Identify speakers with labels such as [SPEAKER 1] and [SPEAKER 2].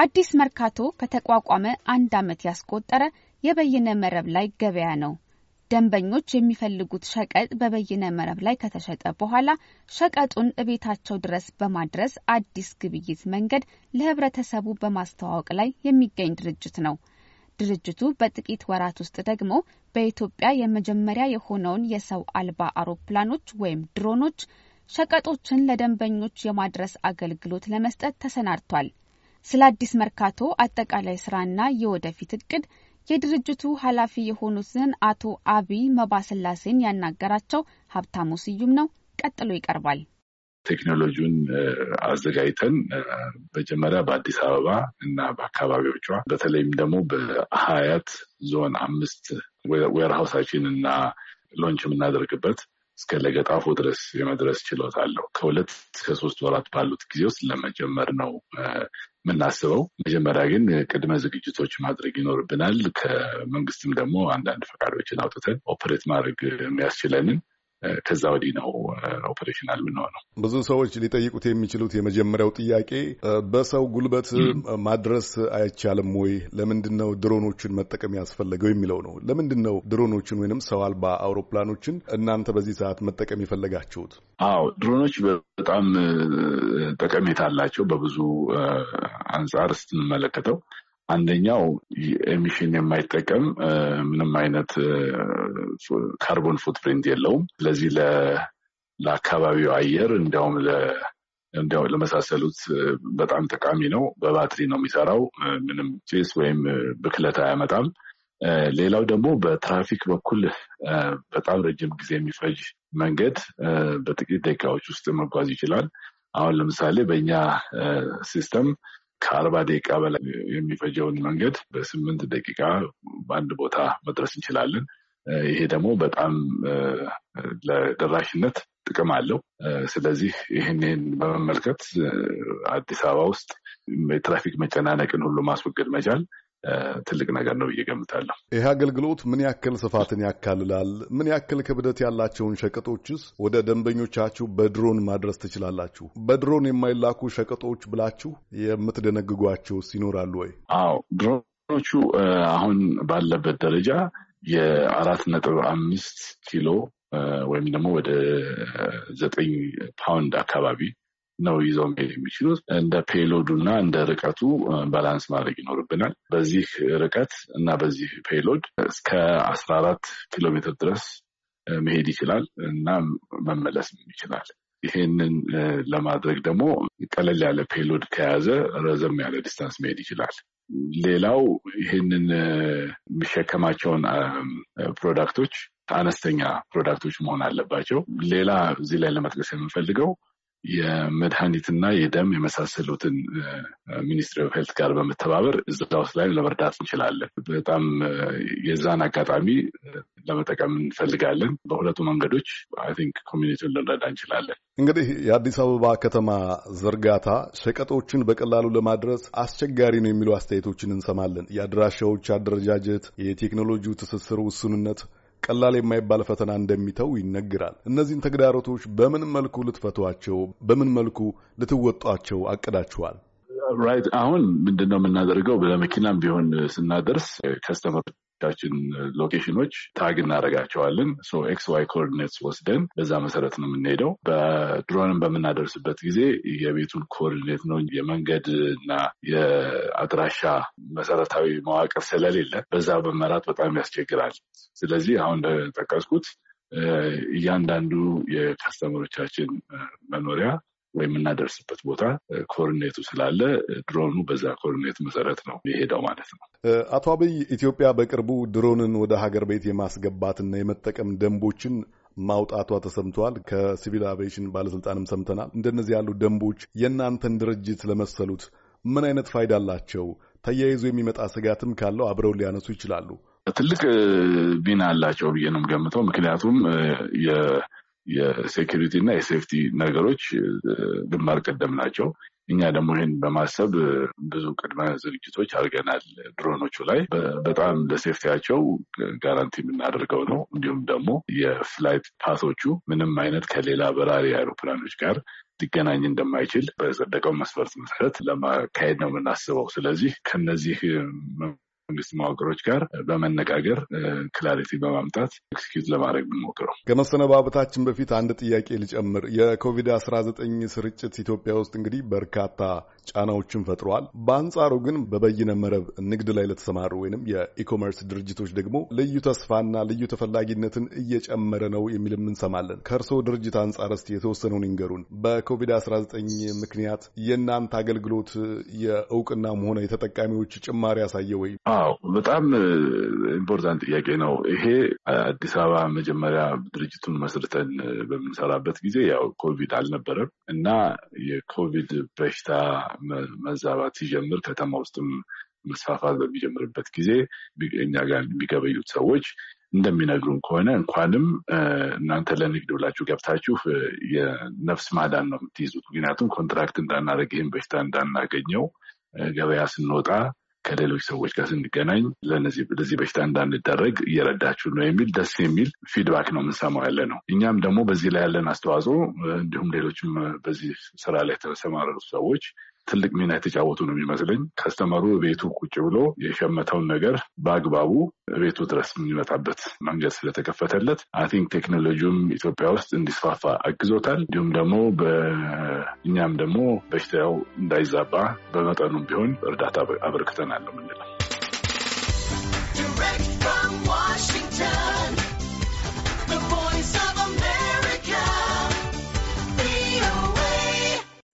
[SPEAKER 1] አዲስ መርካቶ ከተቋቋመ አንድ ዓመት ያስቆጠረ የበይነ መረብ ላይ ገበያ ነው። ደንበኞች የሚፈልጉት ሸቀጥ በበይነ መረብ ላይ ከተሸጠ በኋላ ሸቀጡን እቤታቸው ድረስ በማድረስ አዲስ ግብይት መንገድ ለህብረተሰቡ በማስተዋወቅ ላይ የሚገኝ ድርጅት ነው። ድርጅቱ በጥቂት ወራት ውስጥ ደግሞ በኢትዮጵያ የመጀመሪያ የሆነውን የሰው አልባ አውሮፕላኖች ወይም ድሮኖች ሸቀጦችን ለደንበኞች የማድረስ አገልግሎት ለመስጠት ተሰናድቷል። ስለ አዲስ መርካቶ አጠቃላይ ስራና የወደፊት እቅድ የድርጅቱ ኃላፊ የሆኑትን አቶ አቢይ መባስላሴን ያናገራቸው ሀብታሙ ስዩም ነው። ቀጥሎ ይቀርባል።
[SPEAKER 2] ቴክኖሎጂውን አዘጋጅተን መጀመሪያ በአዲስ አበባ እና በአካባቢዎቿ በተለይም ደግሞ በሀያት ዞን አምስት ዌርሃውሳችን እና ሎንች የምናደርግበት እስከ ለገጣፎ ድረስ የመድረስ ችሎታ አለው። ከሁለት እስከ ሶስት ወራት ባሉት ጊዜ ውስጥ ለመጀመር ነው የምናስበው። መጀመሪያ ግን ቅድመ ዝግጅቶች ማድረግ ይኖርብናል። ከመንግስትም ደግሞ አንዳንድ ፈቃዶችን አውጥተን ኦፕሬት ማድረግ የሚያስችለንን ከዛ ወዲህ ነው ኦፕሬሽናል የምንሆነው።
[SPEAKER 1] ብዙ ሰዎች ሊጠይቁት የሚችሉት የመጀመሪያው ጥያቄ በሰው ጉልበት ማድረስ አይቻልም ወይ? ለምንድን ነው ድሮኖችን መጠቀም ያስፈለገው የሚለው ነው። ለምንድን ነው ድሮኖችን ወይንም ሰው አልባ አውሮፕላኖችን እናንተ በዚህ ሰዓት መጠቀም የፈለጋችሁት?
[SPEAKER 2] አዎ ድሮኖች በጣም ጠቀሜታ አላቸው። በብዙ አንጻር ስንመለከተው አንደኛው ኤሚሽን የማይጠቀም ምንም አይነት ካርቦን ፉትፕሪንት የለውም። ስለዚህ ለአካባቢው አየር እንዲያውም እንዲያው ለመሳሰሉት በጣም ጠቃሚ ነው። በባትሪ ነው የሚሰራው። ምንም ጭስ ወይም ብክለት አያመጣም። ሌላው ደግሞ በትራፊክ በኩል በጣም ረጅም ጊዜ የሚፈጅ መንገድ በጥቂት ደቂቃዎች ውስጥ መጓዝ ይችላል። አሁን ለምሳሌ በእኛ ሲስተም ከአርባ ደቂቃ በላይ የሚፈጀውን መንገድ በስምንት ደቂቃ በአንድ ቦታ መድረስ እንችላለን። ይሄ ደግሞ በጣም ለደራሽነት ጥቅም አለው። ስለዚህ ይህንን በመመልከት አዲስ አበባ ውስጥ የትራፊክ መጨናነቅን ሁሉ ማስወገድ መቻል ትልቅ ነገር ነው ብዬ እገምታለሁ።
[SPEAKER 1] ይህ አገልግሎት ምን ያክል ስፋትን ያካልላል? ምን ያክል ክብደት ያላቸውን ሸቀጦችስ ወደ ደንበኞቻችሁ በድሮን ማድረስ ትችላላችሁ? በድሮን የማይላኩ ሸቀጦች ብላችሁ የምትደነግጓቸውስ ይኖራሉ ወይ?
[SPEAKER 2] አዎ ድሮኖቹ አሁን ባለበት ደረጃ የአራት ነጥብ አምስት ኪሎ ወይም ደግሞ ወደ ዘጠኝ ፓውንድ አካባቢ ነው ይዘው መሄድ የሚችሉት። እንደ ፔሎዱ እና እንደ ርቀቱ ባላንስ ማድረግ ይኖርብናል። በዚህ ርቀት እና በዚህ ፔሎድ እስከ አስራ አራት ኪሎ ሜትር ድረስ መሄድ ይችላል እና መመለስ ይችላል። ይሄንን ለማድረግ ደግሞ ቀለል ያለ ፔሎድ ከያዘ ረዘም ያለ ዲስታንስ መሄድ ይችላል። ሌላው ይህንን የሚሸከማቸውን ፕሮዳክቶች አነስተኛ ፕሮዳክቶች መሆን አለባቸው። ሌላ እዚህ ላይ ለመጥቀስ የምንፈልገው የመድኃኒትና የደም የመሳሰሉትን ሚኒስትሪ ኦፍ ሄልት ጋር በመተባበር እዛ ውስጥ ላይ ለመርዳት እንችላለን። በጣም የዛን አጋጣሚ ለመጠቀም እንፈልጋለን። በሁለቱ መንገዶች አይ ቲንክ ኮሚኒቲውን ልንረዳ እንችላለን።
[SPEAKER 1] እንግዲህ የአዲስ አበባ ከተማ ዝርጋታ ሸቀጦችን በቀላሉ ለማድረስ አስቸጋሪ ነው የሚሉ አስተያየቶችን እንሰማለን። የአድራሻዎች አደረጃጀት፣ የቴክኖሎጂው ትስስር ውሱንነት ቀላል የማይባል ፈተና እንደሚተው ይነግራል። እነዚህን ተግዳሮቶች በምን መልኩ ልትፈቷቸው፣ በምን መልኩ ልትወጧቸው አቅዳችኋል?
[SPEAKER 2] ራይት አሁን ምንድን ነው የምናደርገው? በመኪናም ቢሆን ስናደርስ ከስተመር የፕሮጀክታችን ሎኬሽኖች ታግ እናደርጋቸዋለን። ኤክስ ዋይ ኮኦርዲኔትስ ወስደን በዛ መሰረት ነው የምንሄደው። በድሮንም በምናደርስበት ጊዜ የቤቱን ኮኦርዲኔት ነው የመንገድ እና የአድራሻ መሰረታዊ መዋቅር ስለሌለ በዛ በመራት በጣም ያስቸግራል። ስለዚህ አሁን እንደጠቀስኩት እያንዳንዱ የከስተመሮቻችን መኖሪያ የምናደርስበት ቦታ ኮርኔቱ ስላለ ድሮኑ በዛ ኮርኔት መሰረት ነው የሄደው ማለት ነው።
[SPEAKER 1] አቶ አብይ ኢትዮጵያ በቅርቡ ድሮንን ወደ ሀገር ቤት የማስገባትና የመጠቀም ደንቦችን ማውጣቷ ተሰምተዋል። ከሲቪል አቪዬሽን ባለስልጣንም ሰምተናል። እንደነዚህ ያሉ ደንቦች የእናንተን ድርጅት ለመሰሉት ምን አይነት ፋይዳ አላቸው? ተያይዞ የሚመጣ ስጋትም ካለው አብረው ሊያነሱ ይችላሉ።
[SPEAKER 2] ትልቅ ሚና አላቸው ብዬ ነው የምገምተው። ምክንያቱም የሴኪሪቲ እና የሴፍቲ ነገሮች ግንባር ቀደም ናቸው። እኛ ደግሞ ይህን በማሰብ ብዙ ቅድመ ዝግጅቶች አድርገናል። ድሮኖቹ ላይ በጣም ለሴፍቲያቸው ጋራንቲ የምናደርገው ነው። እንዲሁም ደግሞ የፍላይት ፓሶቹ ምንም አይነት ከሌላ በራሪ አይሮፕላኖች ጋር ሊገናኝ እንደማይችል በጸደቀው መስፈርት መሰረት ለማካሄድ ነው የምናስበው። ስለዚህ ከነዚህ መንግስት መዋቅሮች ጋር በመነጋገር ክላሪቲ በማምጣት ኤክስኪዩዝ ለማድረግ ብንሞክረው።
[SPEAKER 1] ከመሰነባበታችን በፊት አንድ ጥያቄ ልጨምር። የኮቪድ አስራ ዘጠኝ ስርጭት ኢትዮጵያ ውስጥ እንግዲህ በርካታ ጫናዎችን ፈጥሯል። በአንጻሩ ግን በበይነ መረብ ንግድ ላይ ለተሰማሩ ወይም የኢኮመርስ ድርጅቶች ደግሞ ልዩ ተስፋና ልዩ ተፈላጊነትን እየጨመረ ነው የሚልም እንሰማለን። ከእርስዎ ድርጅት አንጻር እስቲ የተወሰነውን ይንገሩን። በኮቪድ-19 ምክንያት የእናንተ አገልግሎት የእውቅና መሆነ የተጠቃሚዎች ጭማሪ ያሳየ ወይም
[SPEAKER 2] አዎ በጣም ኢምፖርታንት ጥያቄ ነው ይሄ። አዲስ አበባ መጀመሪያ ድርጅቱን መስርተን በምንሰራበት ጊዜ ያው ኮቪድ አልነበረም እና የኮቪድ በሽታ መዛባት ሲጀምር ከተማ ውስጥም መስፋፋት በሚጀምርበት ጊዜ እኛ ጋር የሚገበዩት ሰዎች እንደሚነግሩን ከሆነ እንኳንም እናንተ ለንግድ ብላችሁ ገብታችሁ የነፍስ ማዳን ነው የምትይዙት። ምክንያቱም ኮንትራክት እንዳናደርግ ይህን በሽታ እንዳናገኘው ገበያ ስንወጣ ከሌሎች ሰዎች ጋር ስንገናኝ ለዚህ በሽታ እንዳንደረግ እየረዳችሁ ነው የሚል ደስ የሚል ፊድባክ ነው የምንሰማው ያለ ነው። እኛም ደግሞ በዚህ ላይ ያለን አስተዋጽኦ እንዲሁም ሌሎችም በዚህ ስራ ላይ የተሰማሩ ሰዎች ትልቅ ሚና የተጫወቱ ነው የሚመስለኝ። ከስተመሩ ቤቱ ቁጭ ብሎ የሸመተውን ነገር በአግባቡ ቤቱ ድረስ የሚመጣበት መንገድ ስለተከፈተለት አይ ቲንክ ቴክኖሎጂውም ኢትዮጵያ ውስጥ እንዲስፋፋ አግዞታል። እንዲሁም ደግሞ በእኛም ደግሞ በሽታው እንዳይዛባ በመጠኑም ቢሆን እርዳታ አበርክተናል ምንለው